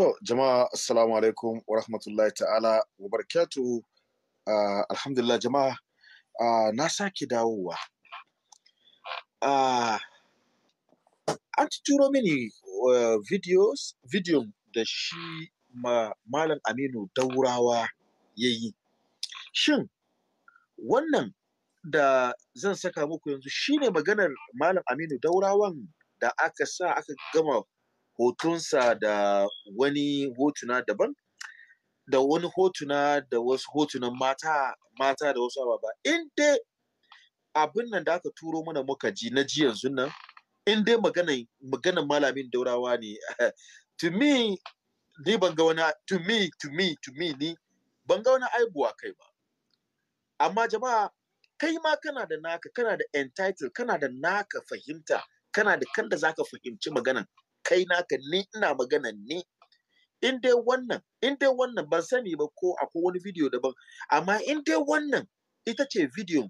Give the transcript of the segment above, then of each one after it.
To, jama'a assalamu alaikum wa rahmatullahi ta'ala wa barakatuhu. Uh, alhamdulillah jama'a uh, na sake dawowa. Uh, an turo mini uh, videos, video da shi ma Malam Aminu Daurawa ya yi. Shin, wannan da zan saka muku yanzu shine maganar Malam Aminu Daurawan da aka sa aka gama hotonsa da wani hotuna daban da wani hotuna da wasu hotunan mata mata da wasu ababa in dai abin nan da aka turo mana muka ji na ji yanzu nan in dai maganan maganan malamin daurawa ne to me ni ban ga wani to me to me to me ni ban ga wani aibuwa kai ba amma jama'a kai ma kana da naka kana da entitled kana da naka fahimta kana da kan zaka fahimci maganan kai naka ni ina magana ni in dai wannan in dai wannan ban sani ba ko akwai wani video daban amma in dai wannan ita ce video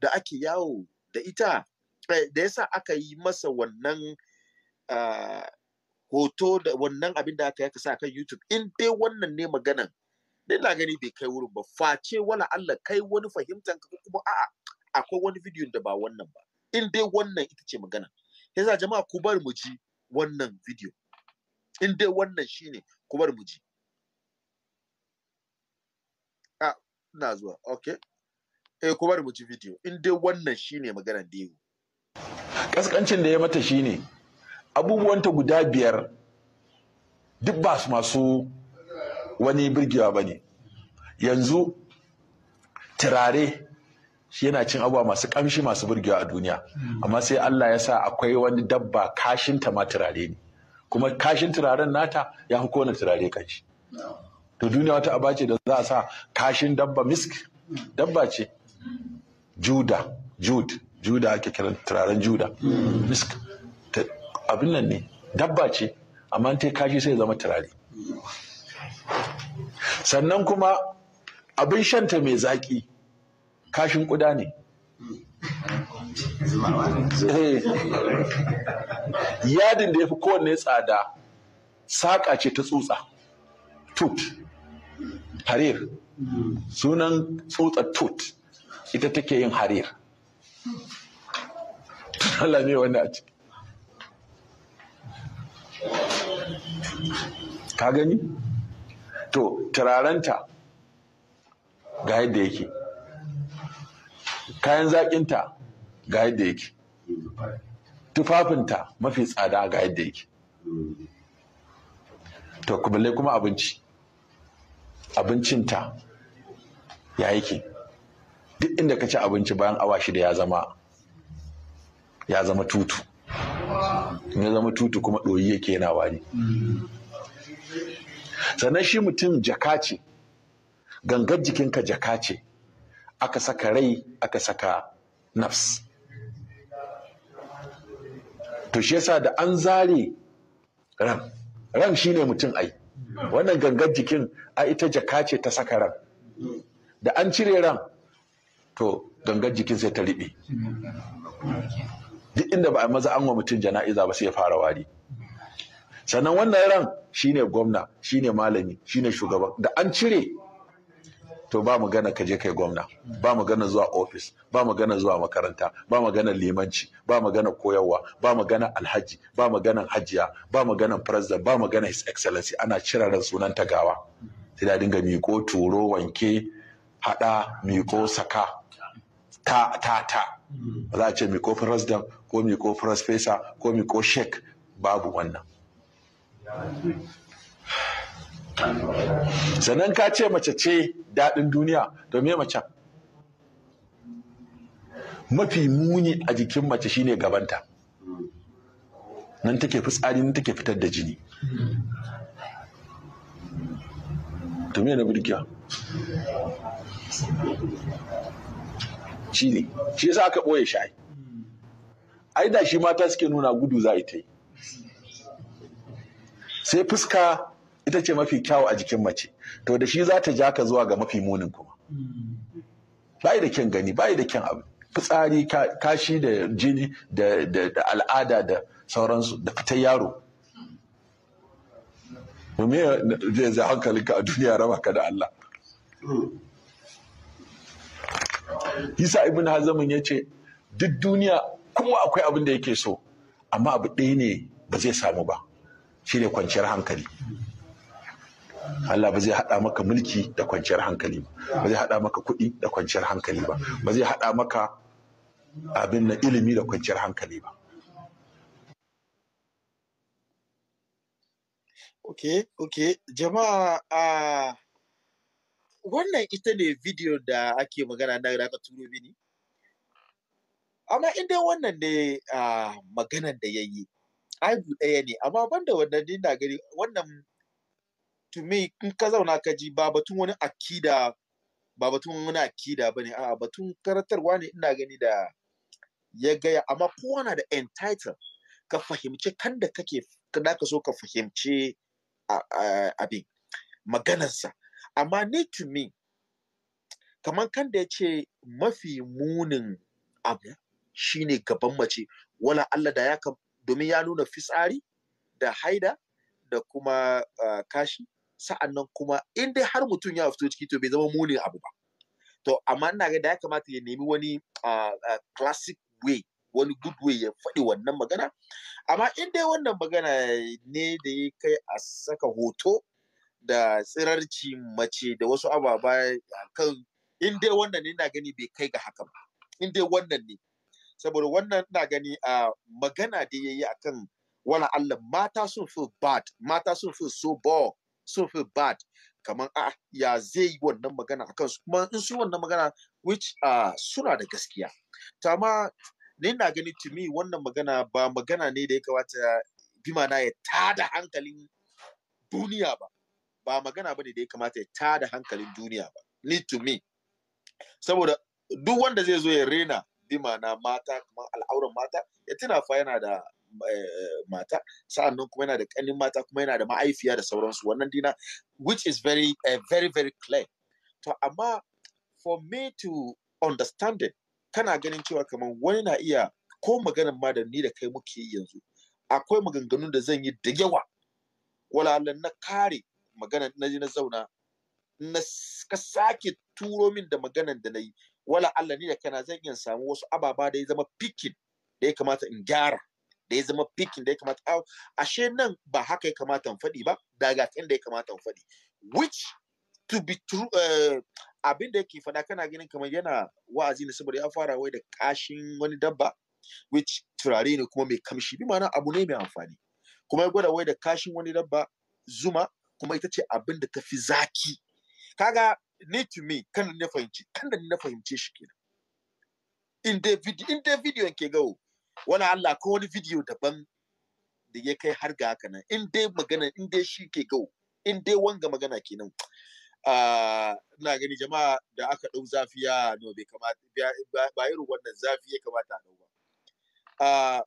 da ake yawo da ita eh, da yasa aka yi masa wannan ah, hoto da wannan abin da aka yi sa kan YouTube in dai wannan ne maganan dai na gani bai kai wurin ba face wala Allah kai wani fahimtan ka kuma a'a akwai wani video da ba wannan ba in dai wannan ita ce magana yasa jama'a ku bar mu ji wannan video in dai wannan shine ku bar mu ji a ah, ina zuwa okay eh ku bar mu ji video in dai wannan shine maganar da Dewu kaskancin da ya mata shine abubuwanta guda biyar duk ba su masu wani birgewa bane yanzu turare shi yana cin abuwa masu kamshi masu burgewa a duniya amma sai Allah ya sa akwai wani dabba kashin ta ma turare ne kuma kashin turaren nata ya fi kowane turare kanshi to duniya wata aba ce da za a sa kashin dabba misk dabba ce juda jud juda ake kiran turaren juda misk abin nan ne dabba ce amma ta kashi sai zama turare sannan kuma abin shanta mai zaki kashin kuda ne eh. yadin da ya fi kowanne tsada saƙa ce ta tsutsa tut harir sunan tsutsa tut ita take yin harir Allah ne wani a ciki ka gani to turarenta ga yadda yake kayan zaƙinta ga yadda yake tufafinta mafi tsada ga yadda yake to balle kuma abinci abincinta ya yake duk inda ka ci abinci bayan awa shida ya zama ya zama tutu ya zama tutu kuma ɗoyi yake yana wari sannan shi mutum jaka ce gangar jikinka jaka ce aka saka rai aka saka nafs to shi yasa da an zare ran ran shine mutum ai wannan gangar jikin a ita jaka ce ta saka ran da an cire ran to gangar jikin sai ta riɓe duk inda ba a maza an wa mutum jana'iza ba sai ya fara wari sannan wannan ran shine gwamna shine malami shine shugaban da an cire to ba magana ka je kai gwamna ba magana zuwa ofis ba magana zuwa makaranta ba magana limanci ba magana koyarwa ba magana alhaji ba magana hajiya ba magana president ba magana his excellency ana cire ran sunan tagawa sai da dinga miko turo wanke hada miko saka ta ta ta ba za a ce miko president ko miko professor ko miko sheik babu wannan sannan ka ce mace ce daɗin duniya to me mace mafi muni a jikin mace shine gabanta nan take fitsari nan take fitar da jini to me na burkiya shi ne shi yasa aka ɓoye shi ai da shi mata suke nuna gudu za a yi ta yi sai fuska ita ce mafi kyawu a jikin mace to da shi za ta ja ka zuwa ga mafi munin kuma bayi da kyan gani bayi da kyan abu fitsari kashi da jini da al'ada da sauransu da fitar yaro me zai zai hankalinka a duniya raba ka da Allah Isa ibn Hazamin ya ce duk duniya kuma akwai abin da yake so amma abu ɗaya ne ba zai samu ba shi ne kwanciyar hankali Allah ba zai haɗa maka mulki da kwanciyar hankali ba ba zai haɗa maka kuɗi da kwanciyar hankali ba ba zai haɗa maka abin na ilimi da kwanciyar hankali ba Okay, okay. jama'a a wannan ita ne bidiyo da ake magana na da aka turo mini amma inda wannan ne a maganan da ya yi aibu ɗaya ne amma banda wannan ne na gani wannan to me in ka zauna ka ji ba batun wani akida ba batun wani akida bane a'a batun karatarwa ne ina gani da ya gaya amma kowa na da entitled ka fahimci kan da kake da ka so ka fahimci abin maganarsa amma ne to me kamar kan da ya ce mafi munin abu shine gaban mace wala Allah da ya domin ya nuna fitsari da haida da kuma ah, kashi sa'annan kuma in dai har mutum ya fito ciki to bai zama munin abu ba to amma ina ga da ya kamata ya nemi wani classic way wani good way ya faɗi wannan magana amma in dai wannan magana ne da ya kai a saka hoto da tsirarci mace da wasu ababa kan in dai wannan ne ina gani bai kai ga haka ba in dai wannan ne saboda wannan ina gani a magana da ya yi akan wani Allah mata sun feel bad mata sun feel so bad so feel bad kamar a ya zai yi wannan magana akan su kuma in su wannan magana which uh, suna da gaskiya tama ma ni na gani to me wannan magana ba magana ne da ya kamata bima na ya tada hankalin duniya ba ba magana bane da ya kamata ya tada hankalin duniya ba ni to me saboda duk wanda zai zo ya rena bima na mata kamar al'auran mata ya tuna fa yana da Eh, mata sa'annan kuma yana da kanin mata kuma yana da ma'aifiya da sauransu wannan dina which is very uh, very very clear to amma for me to understand it kana ganin cewa kamar wani na iya ko maganar ma da ni da kai muke yi yanzu akwai maganganun da zan yi da yawa walalan na kare magana na na zauna na ka sake turo min da maganan da na yi wala Allah ni da kana zan iya samu wasu ababa da ya zama pikin da ya kamata in gyara da ya zama pikin da ya kamata a ashe nan ba haka ya kamata in faɗi ba daga kan da ya kamata in faɗi which to be true uh, abin da yake faɗa kana ganin kamar yana wa'azi ne saboda ya fara wai da kashin wani dabba which turare ne kuma mai kamshi bi ma'ana abu ne mai amfani kuma ya gwada wai da kashin wani dabba zuma kuma ita ce abin da tafi zaki kaga ni to me kan na fahimci kan da na fahimce shi kenan in da video in da video yake gawo wani Allah ko wani video daban da ya kai har ga haka nan in dai magana in dai shi ke gau in dai wanga magana kenan ah, ina gani jama'a da aka ɗau zafiya no bai kamata ba irin wannan zafi ya kamata a ɗau ba ah,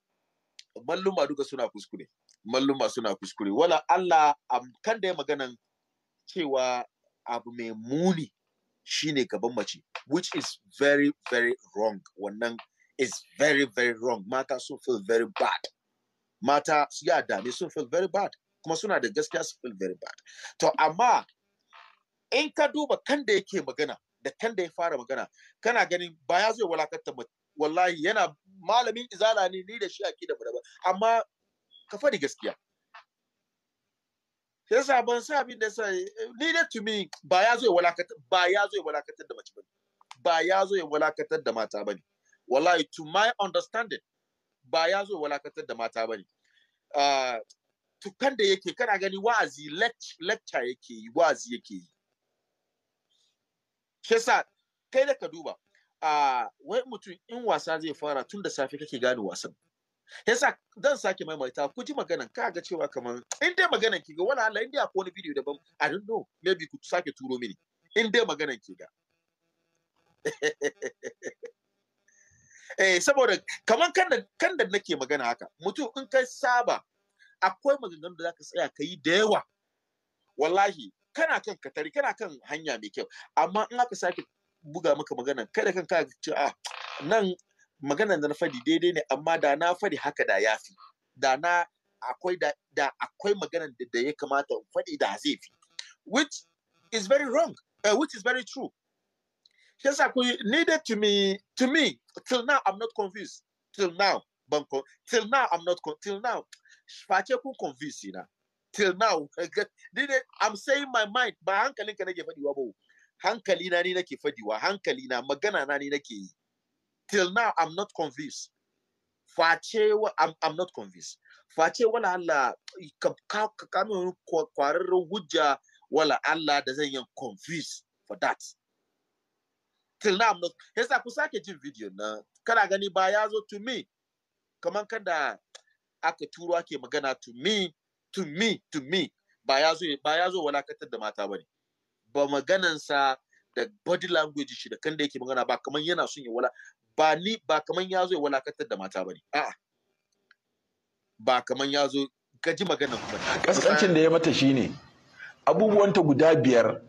malluma duka suna kuskure malluma suna kuskure wala Allah kan da ya maganan cewa abu mai muni shine gaban mace which is very very wrong wannan is very, very wrong. Mata sun feel very bad. Mata ya dame sun feel very bad. Kuma suna da gaskiya sun feel very bad. To amma in ka duba kan da yake magana da kan da ya fara magana kana ganin ba ya zai walakanta wallahi yana malamin izala ne ni da shi aki da ba amma ka faɗi gaskiya sai sa ban sa abin da sai ni da tumi ba ya zo ya walakata ba ya zo ya walakatar da mace bane ba ya zo ya walakatar da mata bane wallahi to my understanding ba ya zo walakantar da mata bane ah, tukan da yake kana gani wa'azi lecture yake yi wa'azi yake yi shesa kai da ka duba a ah, wai mutum in wasa zai fara tun da safe kake gane wasan yasa dan sake maimaita ku ji maganan ka ga cewa kamar in dai maganan ki ga wala Allah in dai akwai wani bidiyo daban i don't know maybe ku sake turo mini in dai maganan ki ga eh saboda kamar kan da nake magana haka mutum in kai saba akwai maganganu da zaka tsaya ka yi da yawa wallahi kana kan katari kana kan hanya mai kyau amma in aka sake buga maka magana kada kan ka ce a ah, nan magana da na fadi daidai ne amma da na fadi haka da yafi da na akwai da, da akwai maganan da, ya kamata in faɗi da zai fi which is very wrong uh, which is very true Yes, I we needed to me to me till now. I'm not convinced till now. Banco till now. I'm not till now. Shvacheku convinced you know. Till now, I'm saying my mind. Ba hankali ka nake faɗi ba Hankali na ni nake faɗi wa. Hankali na magana na ni nake Till now, I'm not convinced. Face I'm, I'm not convinced. Face wala Allah Kamu, ka ka kwarar wala Allah doesn't even convinced for that. till now not yasa ku sake jin video na kana gani ba ya zo to me kaman kada aka turo ake magana to me to me to me ba ya zo ba ya zo walakatar da mata bane ba maganansa da body language shi da kanda da yake magana ba kaman yana son ya wala ba ni ba kaman ya zo ya walakatar da mata bane a'a ba kaman ya zo gaji ku ba kaskancin da ya mata shine abubuwanta guda biyar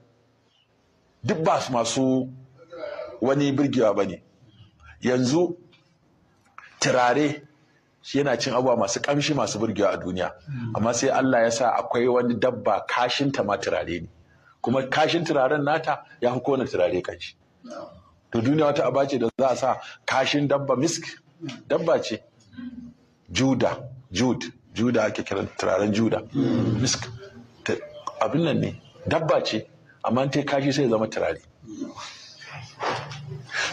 duk ba masu wani birgewa ba ne yanzu turare shi yana cin abuwa masu kamshi masu burgewa a duniya amma sai Allah ya sa akwai wani dabba kashin ta ma turare ne kuma kashin turaren nata ya fi kowane turare kanshi to duniya wata aba da za a sa kashin dabba misk dabba ce juda jud juda ake kiran turaren juda misk abin nan ne dabba ce amma ta kashi sai zama turare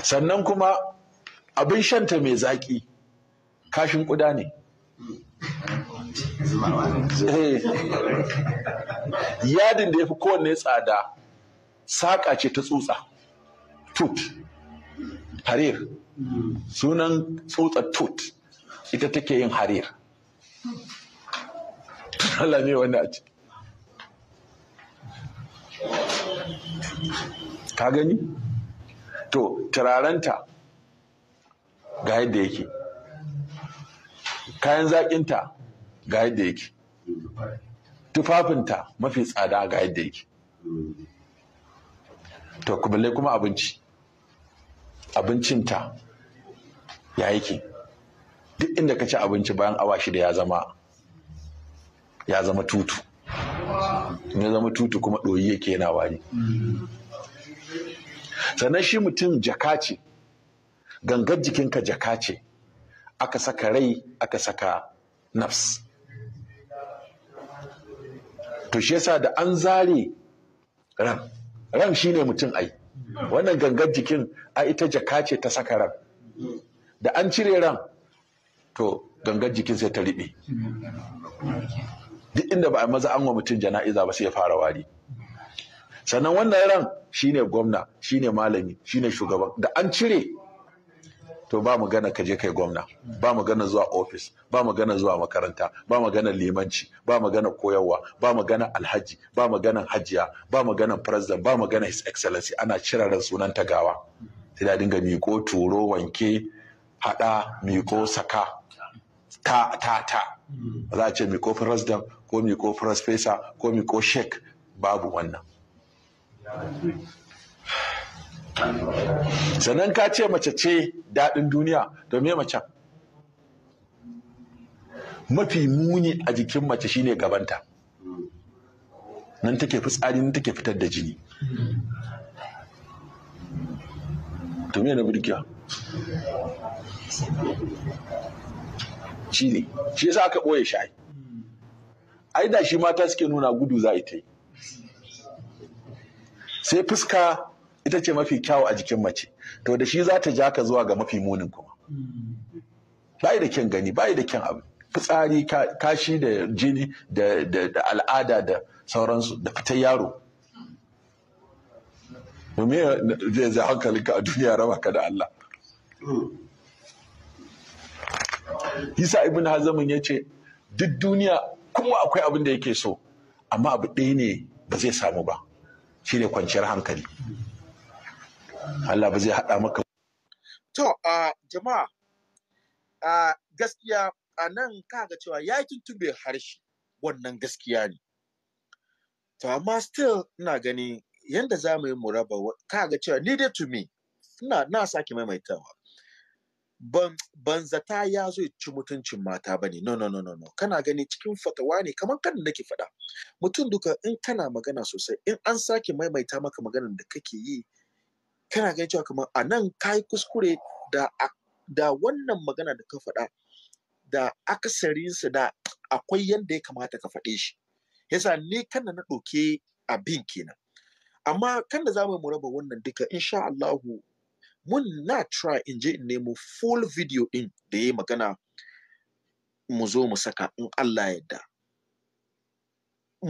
sannan kuma abin shanta mai zaƙi kashin kuda ne eh. yadin da ya fi kowanne tsada saƙa ce ta tsutsa tut harir sunan tsutsa tut ita take yin harir Allah ne a ka gani to turarenta ga yadda yake kayan zaƙinta ga yadda yake tufafinta mafi tsada ga yadda yake to balle kuma abinci abincinta ya yake duk inda ka ci abinci bayan awa shida ya zama ya zama tutu ya zama tutu kuma ɗoyi yake yana wari sannan shi mutum jaka ce gangar jikinka jaka ce aka saka rai aka saka nafs to shi yasa da an zare ran ran shi ne mutum ai wannan gangar jikin a ita jaka ce ta saka ran da an cire ran to gangar jikin sai ta riɓe duk inda ba a maza an wa mutum jana'iza ba sai ya fara wari sannan wannan ran shine gwamna shine malami shine shugaban da an cire to ba mu gana kaje kai gwamna ba magana zuwa ofis ba magana zuwa makaranta ba magana limanci ba magana koyarwa ba magana alhaji ba magana hajiya ba magana president ba magana his excellency ana cire ran sunan tagawa sai da dinga miko turo wanke hada miko saka ta ta ta za a ce miko president ko miko first ko miko sheik, babu wannan sannan ka ce mace ce daɗin duniya to me macen mafi muni a jikin mace shine gabanta nan take fitsari nan take fitar da jini to me na burkiya shi ne shi yasa aka ɓoye shi ai da shi mata suke nuna gudu za a ta yi sai fuska ita ce mafi kyawu a jikin mace to da shi za ta ja ka zuwa ga mafi munin kuma yi da kyan gani yi da kyan abu fitsari kashi da jini da al'ada da sauransu da fitar yaro me zai zai hankalinka a duniya raba ka da Allah Isa ibn Hazamin ya ce duk duniya kuma akwai abin da yake so amma abu ɗaya ne ba zai samu ba shine kwanciyar hankali Allah ba zai haɗa maka to a jama'a a gaskiya a nan ga cewa ya tuntube harshe wannan gaskiya ne to amma still ina gani yanda za mu yi muraba raba kaga cewa ni dai to me ina na sake maimaitawa ban zata ya zo ya ci mutuncin mata ba ne no no no no kana gani cikin fatawa ne kamar kan nake faɗa mutum duka in kana magana sosai in an sake maimaita maka maganar da kake yi kana gani cewa kamar a nan ka yi kuskure da da wannan magana da ka faɗa da akasarinsa da akwai yadda ya kamata ka faɗe shi yasa ni kana na ɗauke abin kenan amma kan da za mu raba wannan duka insha Allahu mun na try in je in nemo full video ɗin da ya magana mu zo mu saka in Allah yadda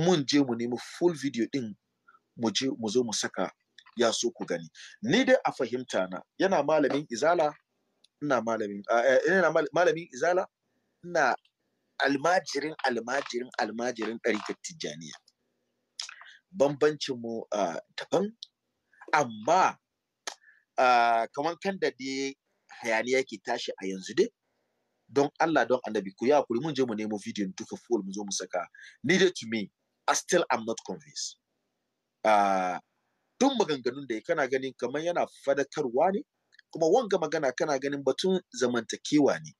mun je mu nemo full video ɗin mu je mu zo mu saka ya so ku gani ni dai a fahimta na yana malamin izala ina malamin ina eh, eh, malamin izala ina almajirin almajirin almajirin ɗarikar tijjaniya bambancin mu daban amma Ah, kamar kan da dai hayaniya ke tashi a yanzu dai don Allah don annabi ku ya kuri mun je mu nemo bidiyon duka full mu zo mu saka needed to me I still am not convinced tun ah, maganganun da kana ganin kamar yana fadakarwa ne kuma wanga magana kana ganin batun zamantakewa ne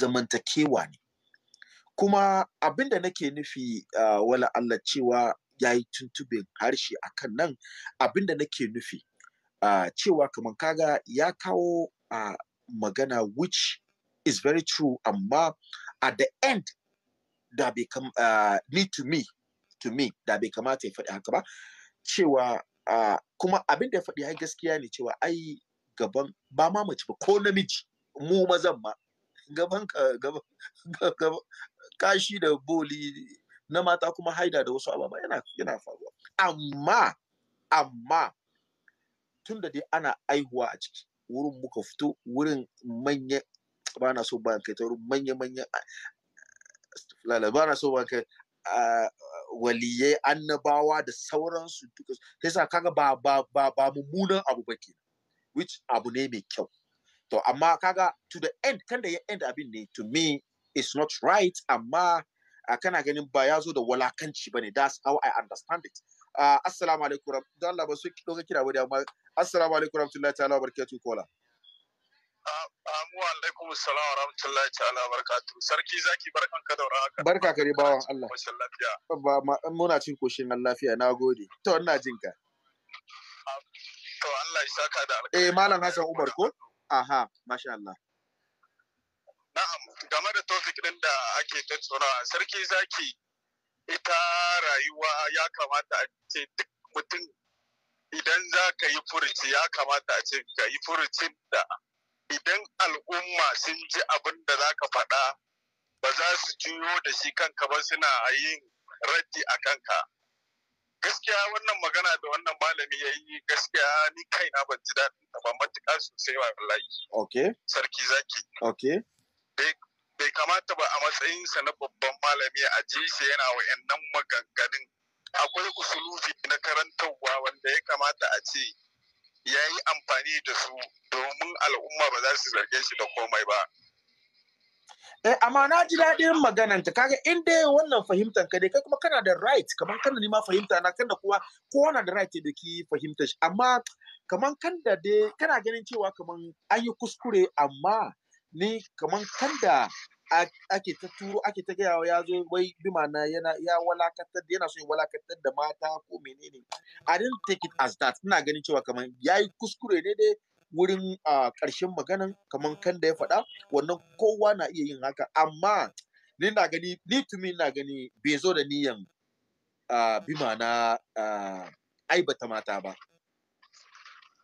zamantakewa ne kuma abinda nake nufi ah, wala Allah cewa ya yi tuntubin harshe a kan nan abinda nake nufi uh, cewa kamar kaga ya kawo uh, magana which is very true amma at the end da bai kam uh, need to me to me da bai kamata ya faɗi haka ba cewa kuma abin da ya faɗi ai gaskiya ne cewa ai gaban ba ma mace ba ko namiji mu mazan ma gaban gaban kashi da boli na mata kuma haida da wasu ababa yana yana faruwa amma amma tun da dai ana aihuwa a ciki wurin muka fito wurin manya ba na so ba kai ta wurin manya manya ba na so ba kai waliyai annabawa da sauransu duka sai sa kaga ba ba ba ba mummunan abu ba kenan which abu ne mai kyau to amma kaga to the end kan da ya end abin ne to me it's not right amma uh, kana ganin ba ya zo da walakanci ba ne that's how I understand it uh, assalamu alaikum don Allah ba su ɗauka kira ba amma assalamu alaikum rahmatullahi ta'ala barakatuh kola Amu ah, alaikum assalamu wa rahmatullahi ta'ala barkatu sarki zaki barkan ka daura haka barka ka bawan Allah ba muna cin koshin lafiya na gode to ina jin ka to Allah ya saka da alƙawari eh malam Hassan Umar ko aha masha Allah game da topic ɗin da ake tattaunawa sarki zaki ita rayuwa ya kamata a ce duk mutum idan za ka yi furuci ya kamata a ce ka yi furucin da idan al'umma sun ji abin da za ka faɗa ba za su juyo da shi kanka ba suna yin raddi a kanka gaskiya wannan magana da wannan malami ya yi gaskiya ni kaina ban ji daɗin ta ba matuƙa sosai wallahi okay sarki zaki okay bai kamata ba a matsayinsa na babban malami a yana wa yana wa'annan maganganun akwai usulubi na karantarwa wanda ya kamata a ce ya yi amfani da su domin al'umma ba za su zarge shi da komai ba. Eh, amma na ji daɗin magananta kaga inda dai wannan fahimtar ka dai kai kuma kana da right kamar da nima fahimta na kan da kowa na da right da ki fahimta shi amma kamar kan da dai kana ganin cewa kamar an yi kuskure amma ni kaman kanda ake ta turo ake ta gaya ya zo wai bima na yana ya walakantar yana so ya walakantar da mata ko menene i didn't take it as that ina ganin cewa kaman yayi kuskure ne dai wurin ƙarshen maganan kaman kan da ya faɗa wannan kowa na iya yin haka amma ni na gani ni me na gani bai zo da niyan bima na aibata mata ba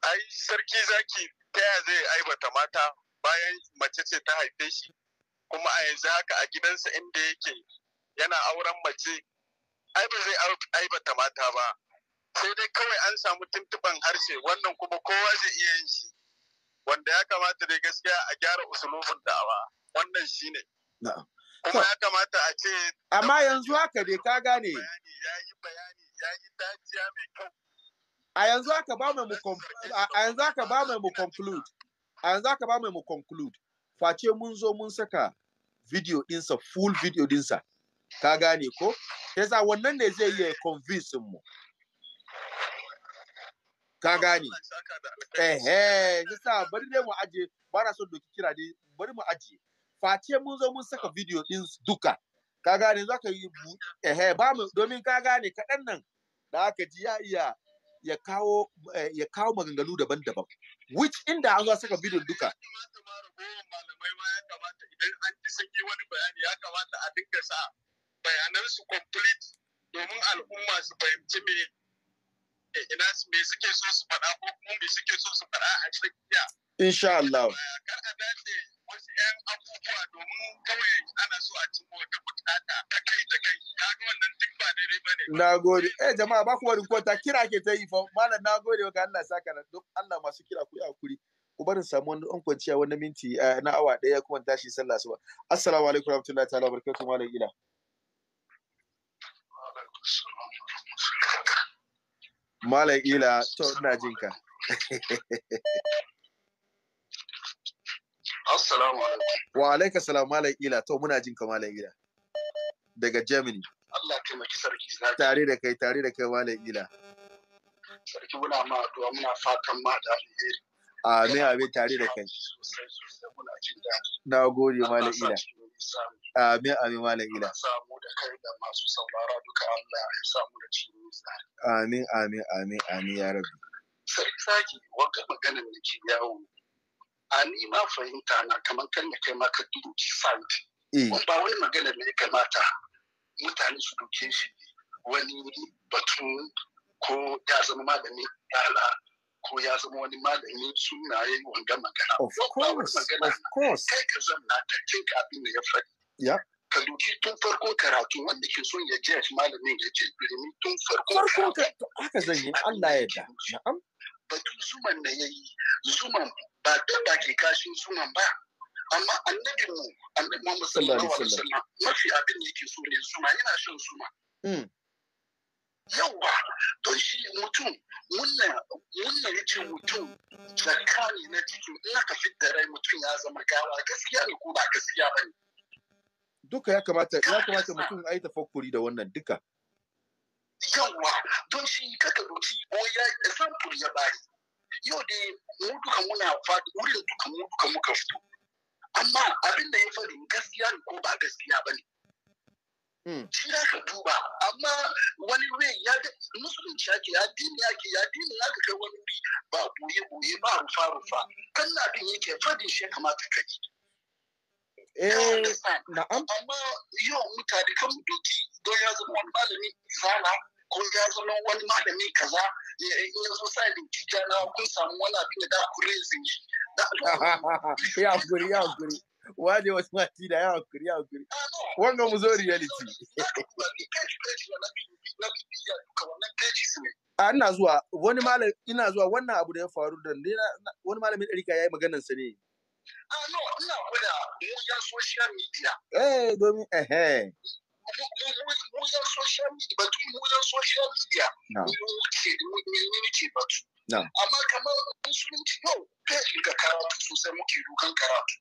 ai sarki zaki ta ya zai aibata mata bayan mace ce ta haife shi kuma a yanzu haka a gidansa inda yake yana auren mace ai ba zai aibata mata ba sai dai kawai an samu tuntuban harshe wannan kuma kowa zai iya yin shi wanda ya kamata dai gaskiya a gyara usulufin dawa wannan shine kuma ya kamata a ce amma yanzu haka dai ka gane ya yi bayani ya yi mai kyau a yanzu haka ba mu a yanzu haka ba mu conclude a yanzu aka ba mai mu conclude face mun zo mun saka video dinsa full video dinsa ka gane ko yasa wannan ne zai iya convince mu ka gane ehe yasa bari dai mu aje ba na son doki kira dai bari mu aje face mun zo mun saka video din duka ka gane za ka yi ehe ba mu domin ka gane kaɗan nan da aka ji ya iya ya kawo eh, ya kawo maganganu daban-daban which inda an saka bidiyon duka idan an ji yi wani bayani ya kamata a dingasa bayanansu complete domin al'umma su fahimci me ina me suke so su faɗa ko kuma me suke so su faɗa a tsakiya insha Allah kar a dace wasu 'yan abubuwa domin kawai ana so a cimma wata bukata Nagode! Eh jama'a ba ku wani kwanta kira ke ta yi fa. Malam Nagode gode ka Allah saka nan. Duk Allah masu kira ku yi hakuri. Ku barin samu wani ɗan kwanciya wani minti eh, na awa ɗaya kuma tashi sallah suba. Assalamu alaikum warahmatullahi ta'ala barakatuh malam ila. Malam ila to ina jin ka. Assalamu alaikum. Wa alaikum salam malam ila to muna jin ka malam ila. Daga Germany. Allah taimaki sarki zaki tare da kai tare da kai malam ila sarki muna ma addu'a muna fatan ma da alheri amin amin tare da kai na gode malam ila amin amin malam ila samu da kai da masu saurara duka Allah ya samu da cikin zuwa amin amin amin amin ya rabbi sarki saki wanda maganar da ke yawo a ni ma fahimta na kamar kan ya kai maka dubu site eh. ba wani magana ne ya kamata mutane su duke shi wani batu ko ya zama malamin yara ko ya zama wani malamin sunaye wanga magana. Of course, of course. Kai ka zama ka cinka abin da ya faɗi. Ya. Ka duki tun farko karatu wanda ke son ya je shi malamin ya ce birni tun farko karatu. Haka zan yi Allah ya da. Batu zuman da ya yi zuman ba dabba ke kashin zuman ba. amma annabin mu annabi mu sallallahu alaihi wasallam mafi abin yake so ne zuma yana shan zuma hmm. yauwa to shi mutum wannan ya ce mutum zakka ne na cikin in aka fitar rai mutum ya zama gawa gaskiya ne ko ba gaskiya ba ne duka ya kamata ya kamata mutum ya yi tafakkuri da wannan duka yauwa don shi kaka doki ko ya example ya bari yau dai mu duka muna faɗi wurin duka mu duka muka fito amma abin da ya faru gaskiya ne ko ba gaskiya ba ne hmm. shi za ka duba amma wani rai ya ga musulunci ake ya dini ake ya dini ya ga kai wani wuri ba boye boye ba rufa rufa kan abin yake fadin shi kamata ka yi eh, amma yau mutane kan doki don ya zama wani malami zana ko ya zama wani malami kaza ya zo sa da kijana kun samu wani abin da da ku ya hakuri ya hakuri waje wasu mati da ya hakuri ya hakuri wanga mu zo reality a ah, ina zuwa wani malam ina zuwa wannan abu da ya faru da wani malamin ɗarika ya yi maganar sa ne ah no ina gwada mu ya social media eh domin eh, eh. mu yan social media batu mu yan social media mun wuce menene ce batu amma kamar musulunci yau kai ka karatu sosai muke dukan karatu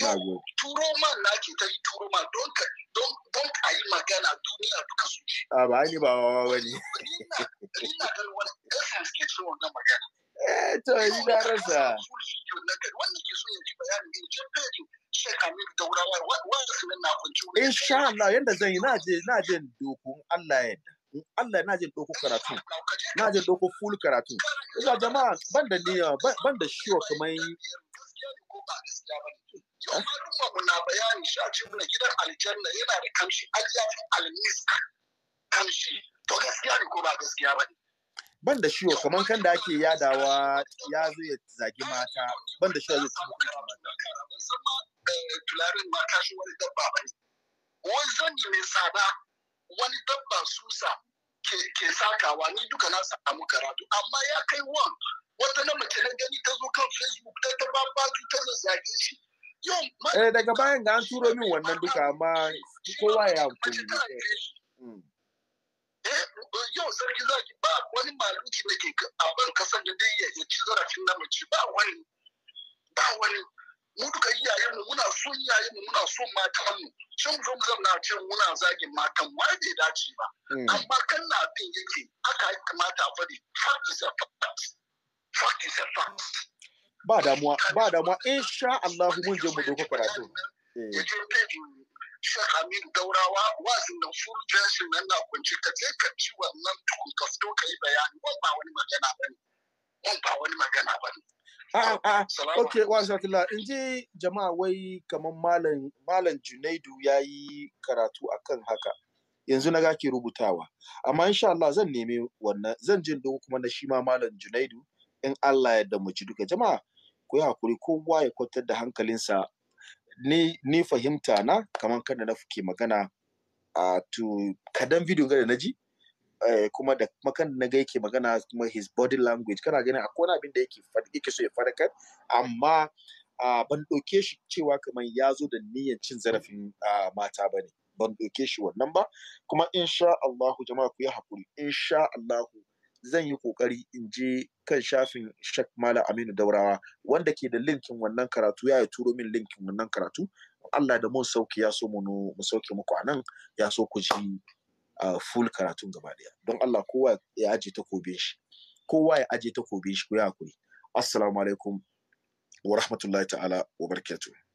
yau turo man na ke ta yi turo man don ka don a yi magana duniya duka su ji a ba ni ba wawa wani rina rina wani ƙasa suke cin wannan magana eh to yi na rasa wannan ke son yanzu bayanin ne je page shek amir daurawa wasu na kwanci insha Allah yanda zan yi na je na je Allah ya Allah na jin karatu na ɗauko full karatu isa jama'a ban da niyya ban da shiwa kamar yau malumma mu na bayani shi a ce gidan aljanna yana da kamshi aljafi almisk kamshi to gaskiya ne ko ba gaskiya ba ne ban da shiwo kamar kan da ake yadawa ya zo ya zagi mata ban da shiwo zai ci mutunci mata eh, tularin ma kashi wani dabba ba ne wani zanni mai tsada wani dabba susa ke sakawa ni duka na samu karatu amma ya kai wan wata na mace na gani ta zo kan facebook ta ta babatu ta zage shi Eh daga bayan ga an turo min wannan duka amma kowa ya hankali. Hmm. Eh, yau sarki zaki ba wani maluki da ke a ban kasan da dai ya ci zarafin namiji ba wani ba wani mu duka iyayen mu muna son iyayen mu muna son matan mu shin mu zo na ce muna zagin matan wai bai dace ba hmm. amma kan na bin yake haka kamata a faɗi fact is a fact fact is a fact ba damuwa ba damuwa insha Allah mun je mu dauko karatu eh Sheikh Aminu Daurawa wazin nan full version nan na kunce ka je ka ci wannan tukun ka fito ka yi bayani ko ba wani magana bane ko ba wani magana bane A'a, ah, ah, ah. ok, wa shakila, in ji jama'a wai kamar malam Junaidu ya yi karatu a kan haka. Yanzu na ke rubutawa. Amma insha Allah zan nemi wannan, zan jin dogo kuma na shi ma malam Junaidu in Allah ya mu ji duka jama'a. ku yi hakuri kowa ya kwantar da hankalinsa ni, ni fahimta na kamar kada na ke magana a to kadan video gada na ji eh, kuma da makan na ga yake magana kuma his body language kana ganin akwai wani abin da yake yake so ya fadakar amma ban ɗauke shi cewa kamar ya zo da niyyar cin zarafin mata ba ne ban ɗauke shi wannan ba kuma insha Allahu jama'a ku yi hakuri insha Allahu zan yi kokari in je kan shafin Sheikh Malam Aminu Daurawa wanda ke da linkin wannan karatu ya turo min linkin wannan karatu Allah da mun sauki ya so mu mu sauke muku anan ya so ku ji full karatun gaba daya don Allah kowa ya aje kobe shi kowa ya aje kobe shi ku ya hakuri assalamu alaikum wa rahmatullahi ta'ala wa barakatuh